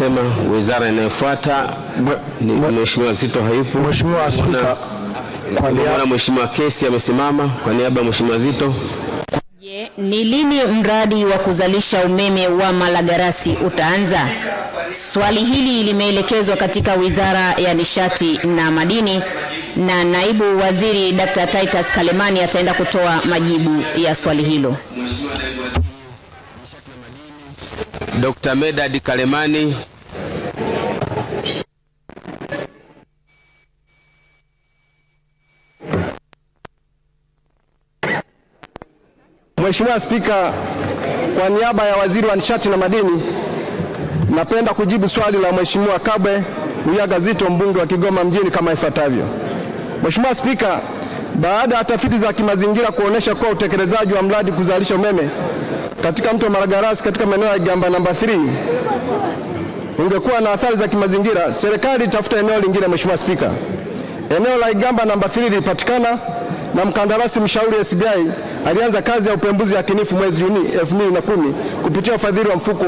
alivyosema, wizara inayofuata ni mheshimiwa Zito hayupo. Mheshimiwa Spika, kwa niaba mheshimiwa Kesi amesimama kwa niaba ya mheshimiwa Zito. Je, ni lini mradi wa kuzalisha umeme wa Malagarasi utaanza? Swali hili limeelekezwa katika Wizara ya Nishati na Madini na Naibu Waziri Dr. Titus Kalemani ataenda kutoa majibu ya swali hilo. Dr. Medad Kalemani Mheshimiwa Spika, kwa niaba ya Waziri wa Nishati na Madini, napenda kujibu swali la Mheshimiwa Kabwe uyaga Zito, mbunge wa Kigoma mjini kama ifuatavyo. Mheshimiwa Spika, baada ya tafiti za kimazingira kuonyesha kuwa utekelezaji wa mradi kuzalisha umeme katika mto Malagarasi katika maeneo ya Igamba namba 3 ungekuwa na athari za kimazingira, serikali itafuta eneo lingine. Mheshimiwa Spika, eneo la Igamba namba 3 lilipatikana na mkandarasi mshauri SBI alianza kazi ya upembuzi yakinifu mwezi Juni 2010 kupitia ufadhili wa mfuko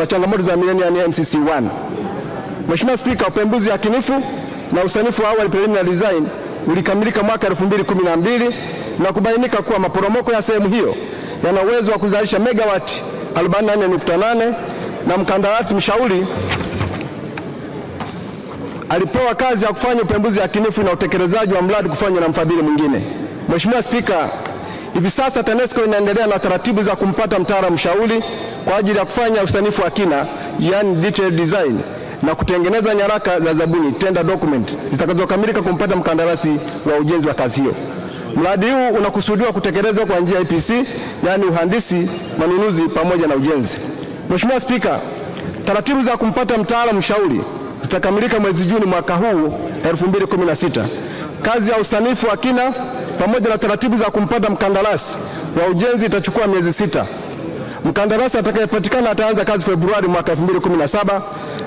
wa changamoto za milenia ni MCC1. Mheshimiwa Spika, upembuzi yakinifu na usanifu wa awali preliminary design ulikamilika mwaka 2012 na kubainika kuwa maporomoko ya sehemu hiyo yana uwezo wa kuzalisha megawati 44.8 na mkandarasi mshauri alipewa kazi ya kufanya upembuzi yakinifu na utekelezaji wa mradi kufanywa na mfadhili mwingine. Mheshimiwa Spika, hivi sasa TANESCO inaendelea na taratibu za kumpata mtaalamu mshauri kwa ajili ya kufanya usanifu wa kina, yani detailed design na kutengeneza nyaraka za zabuni tender document zitakazokamilika kumpata mkandarasi wa ujenzi wa kazi hiyo. Mradi huu unakusudiwa kutekelezwa kwa njia ya EPC, yaani uhandisi, manunuzi pamoja na ujenzi. Mheshimiwa Spika, taratibu za kumpata mtaalamu mshauri zitakamilika mwezi Juni mwaka huu 2016. Kazi ya usanifu wa kina pamoja na taratibu za kumpata mkandarasi wa ujenzi itachukua miezi sita. Mkandarasi atakayepatikana ataanza kazi Februari mwaka 2017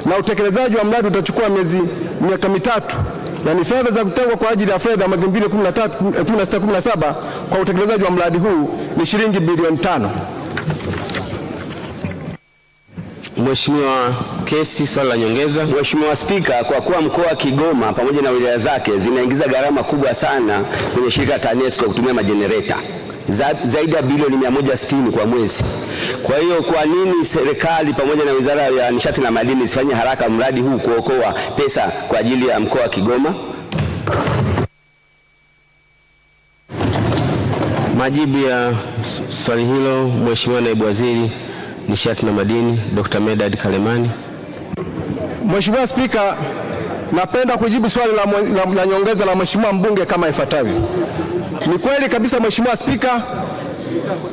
na utekelezaji wa mradi utachukua miezi miaka mitatu. Yani fedha za kutengwa kwa ajili ya fedha mwaka 2016/17 eh, kwa utekelezaji wa mradi huu ni shilingi bilioni tano. Mheshimiwa Kesi, swali la nyongeza. Mheshimiwa Spika, kwa kuwa mkoa wa Kigoma pamoja na wilaya zake zinaingiza gharama kubwa sana kwenye shirika la TANESCO kutumia majenereta za, zaidi ya bilioni sitini kwa mwezi. Kwa hiyo kwa nini serikali pamoja na Wizara ya Nishati na Madini isifanye haraka mradi huu kuokoa pesa kwa ajili ya mkoa wa Kigoma? Majibu ya swali hilo, Mheshimiwa Naibu Waziri Nishati na Madini Dr. Medad Kalemani. Mheshimiwa Spika Napenda kujibu swali la, la, la nyongeza la mheshimiwa mbunge kama ifuatavyo. Ni kweli kabisa Mheshimiwa Spika,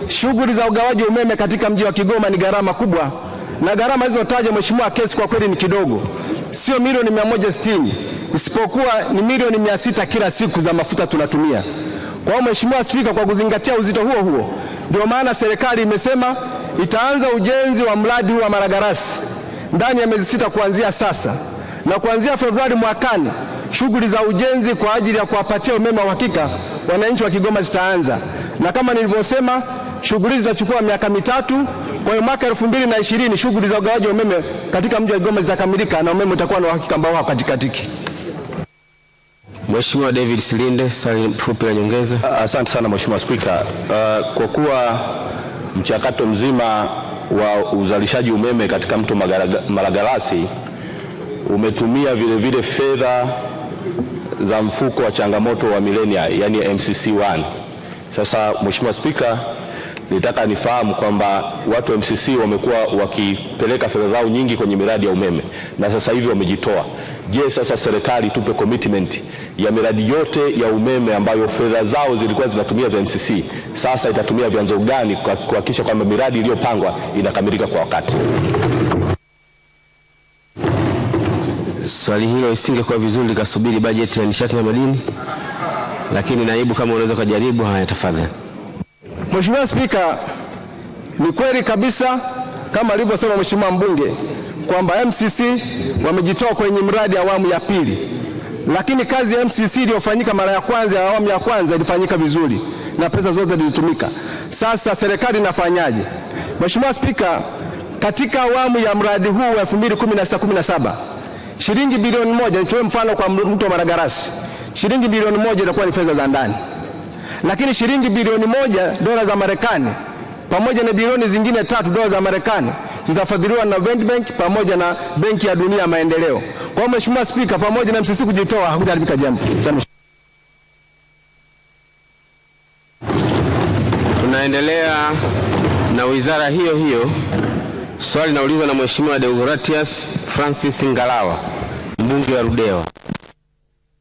shughuli za ugawaji umeme katika mji wa Kigoma ni gharama kubwa, na gharama alizotaja mheshimiwa kesi kwa kweli ni kidogo, sio milioni 160 isipokuwa ni milioni sita kila siku za mafuta tunatumia. Kwa hiyo Mheshimiwa Spika, kwa kuzingatia uzito huo huo, ndio maana serikali imesema itaanza ujenzi wa mradi huu wa Malagarasi ndani ya miezi sita kuanzia sasa na kuanzia Februari mwakani shughuli za ujenzi kwa ajili ya kuwapatia umeme wa uhakika wananchi wa Kigoma zitaanza, na kama nilivyosema, shughuli zitachukua miaka mitatu. Kwa hiyo mwaka elfu mbili na ishirini shughuli za ugawaji wa umeme katika mji wa Kigoma zitakamilika na umeme utakuwa na uhakika ambao katikati. Mheshimiwa David Silinde, swali fupi la nyongeza. Ah, asante sana Mheshimiwa Spika. Uh, kwa kuwa mchakato mzima wa uzalishaji umeme katika mto Malagarasi umetumia vilevile fedha za mfuko wa changamoto wa milenia yani MCC1. Sasa Mheshimiwa Spika, nitaka nifahamu kwamba watu wa MCC wamekuwa wakipeleka fedha zao nyingi kwenye miradi ya umeme na sasa hivi wamejitoa. Je, sasa serikali tupe commitment ya miradi yote ya umeme ambayo fedha zao zilikuwa zinatumia vya MCC, sasa itatumia vyanzo gani kuhakikisha kwamba miradi iliyopangwa inakamilika kwa wakati? swali hilo isingekuwa vizuri likasubiri bajeti ya nishati na madini, lakini naibu, kama unaweza ukajaribu. Haya, tafadhali. Mheshimiwa Spika, ni kweli kabisa kama alivyosema mheshimiwa mbunge kwamba MCC wamejitoa kwenye mradi awamu ya pili, lakini kazi ya MCC iliyofanyika mara ya kwanza ya awamu ya kwanza ilifanyika vizuri na pesa zote zilitumika. Sasa serikali inafanyaje? Mheshimiwa Spika, katika awamu ya mradi huu wa 2016 17 shilingi bilioni moja, nitoe mfano kwa mto wa Maragarasi, shilingi bilioni moja itakuwa ni fedha za ndani, lakini shilingi bilioni moja dola za Marekani pamoja na bilioni zingine tatu dola za Marekani zitafadhiliwa na World Bank pamoja na Benki ya Dunia ya Maendeleo. Kwa hiyo Mheshimiwa Spika, pamoja na msisi kujitoa hakujaharibika jambo. Tunaendelea na wizara hiyo hiyo, swali linaulizwa na Mheshimiwa Deogratias Francis Ngalawa, mbunge wa Ludewa.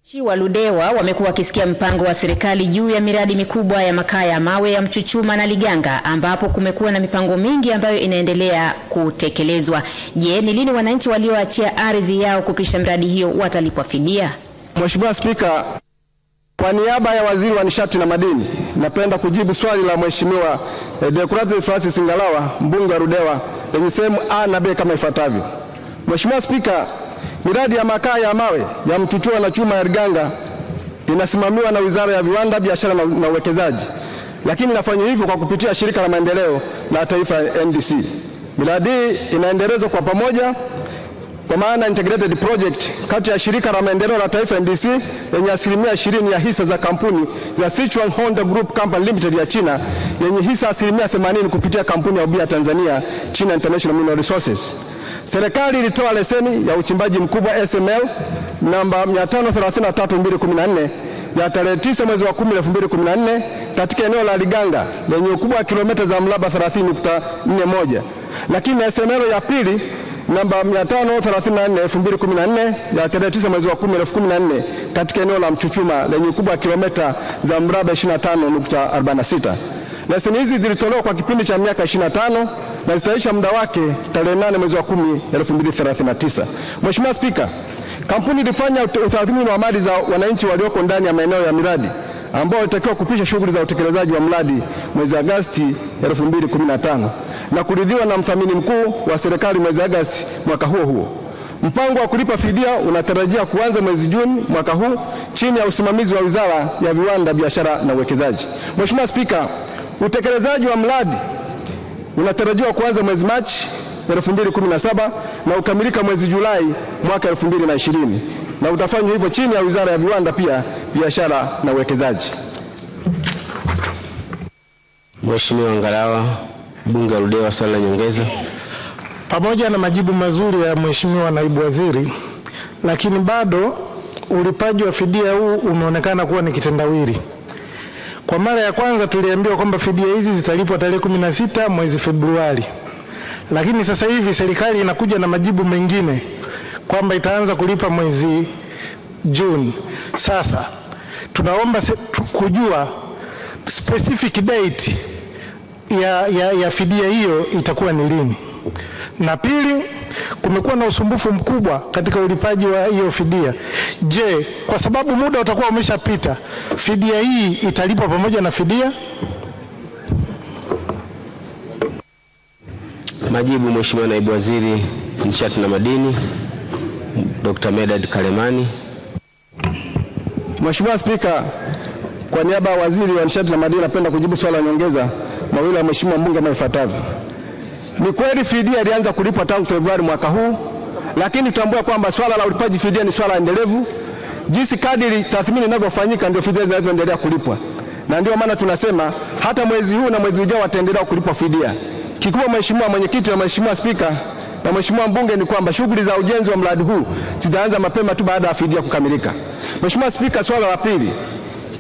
Wananchi wa Ludewa wamekuwa wakisikia mpango wa serikali juu ya miradi mikubwa ya makaa ya mawe ya Mchuchuma na Liganga ambapo kumekuwa na mipango mingi ambayo inaendelea kutekelezwa. Je, ni lini wananchi walioachia ardhi yao kupisha miradi hiyo watalipwa fidia? Mheshimiwa Spika, kwa niaba ya Waziri wa Nishati na Madini, napenda kujibu swali la Mheshimiwa eh, Deokatus Francis Ngalawa, mbunge wa Ludewa, lenye sehemu A na B kama ifuatavyo. Mheshimiwa Spika, miradi ya makaa ya mawe ya Mchuchuma na chuma ya Liganga inasimamiwa na Wizara ya Viwanda, Biashara na Uwekezaji, lakini inafanywa hivyo kwa kupitia Shirika la Maendeleo la Taifa NDC. Miradi hii inaendelezwa kwa pamoja, kwa maana integrated project kati ya Shirika la Maendeleo la Taifa NDC yenye asilimia 20 ya hisa za kampuni ya Sichuan Honda Group Company Limited ya China yenye hisa asilimia 80 kupitia kampuni ya ubia Tanzania China International Mineral Resources Serikali ilitoa leseni ya uchimbaji mkubwa SML namba 533214 ya tarehe 9 mwezi wa 10 2014 katika eneo la Liganga lenye ukubwa wa kilomita za mraba 30.41, lakini SML ya pili namba 534214 ya tarehe 9 mwezi wa 10 2014 katika eneo la Mchuchuma lenye ukubwa wa kilomita za mraba 25.46. Leseni hizi zilitolewa kwa kipindi cha miaka 25 na zitaisha muda wake tarehe 8 mwezi wa 10 2039. Mheshimiwa Spika, kampuni ilifanya utathmini wa mali za wananchi walioko ndani ya maeneo ya miradi ambao walitakiwa kupisha shughuli za utekelezaji wa mradi mwezi Agosti 2015 na kuridhiwa na mthamini mkuu wa serikali mwezi Agosti mwaka huo huo. Mpango wa kulipa fidia unatarajia kuanza mwezi Juni mwaka huu chini ya usimamizi wa Wizara ya Viwanda, Biashara na Uwekezaji. Mheshimiwa Spika, utekelezaji wa mradi unatarajiwa kuanza mwezi Machi 2017 na ukamilika mwezi Julai mwaka 2020 na utafanywa hivyo chini ya Wizara ya Viwanda, pia Biashara na Uwekezaji. Mheshimiwa Ngalawa, mbunge wa Ludewa, swali la nyongeza. Pamoja na majibu mazuri ya Mheshimiwa naibu waziri, lakini bado ulipaji wa fidia huu umeonekana kuwa ni kitendawili. Kwa mara ya kwanza tuliambiwa kwamba fidia hizi zitalipwa tarehe kumi na sita mwezi Februari, lakini sasa hivi serikali inakuja na majibu mengine kwamba itaanza kulipa mwezi Juni. Sasa tunaomba se, kujua specific date ya, ya, ya fidia hiyo itakuwa ni lini. Na pili, kumekuwa na usumbufu mkubwa katika ulipaji wa hiyo fidia. Je, kwa sababu muda utakuwa umeshapita, fidia hii italipwa pamoja na fidia? Majibu, Mheshimiwa Naibu Waziri Nishati na Madini Dr. Medad Kalemani. Mheshimiwa Spika, kwa niaba ya Waziri wa Nishati na Madini napenda kujibu swali la nyongeza mawili ya Mheshimiwa mbunge kama ifuatavyo. Ni kweli fidia ilianza kulipwa tangu Februari mwaka huu, lakini tutambue kwamba swala la ulipaji fidia ni swala endelevu. Jinsi kadiri tathmini inavyofanyika ndio fidia zinavyoendelea kulipwa, na ndio maana tunasema hata mwezi huu na mwezi ujao wataendelea kulipwa fidia. Kikubwa Mheshimiwa Mwenyekiti na Mheshimiwa Spika na Mheshimiwa Mbunge ni kwamba shughuli za ujenzi wa mradi huu zitaanza mapema tu baada ya fidia kukamilika. Mheshimiwa Spika, swala la pili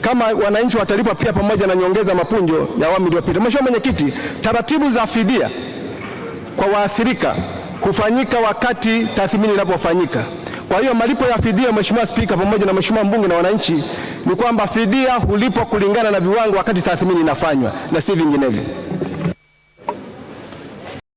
kama wananchi watalipa pia pamoja na nyongeza mapunjo ya awamu iliyopita. Mheshimiwa Mwenyekiti, taratibu za fidia kwa waathirika hufanyika wakati tathmini inapofanyika. Kwa hiyo malipo ya fidia, Mheshimiwa Spika, pamoja na Mheshimiwa mbunge na wananchi, ni kwamba fidia hulipwa kulingana na viwango wakati tathmini inafanywa na si vinginevyo.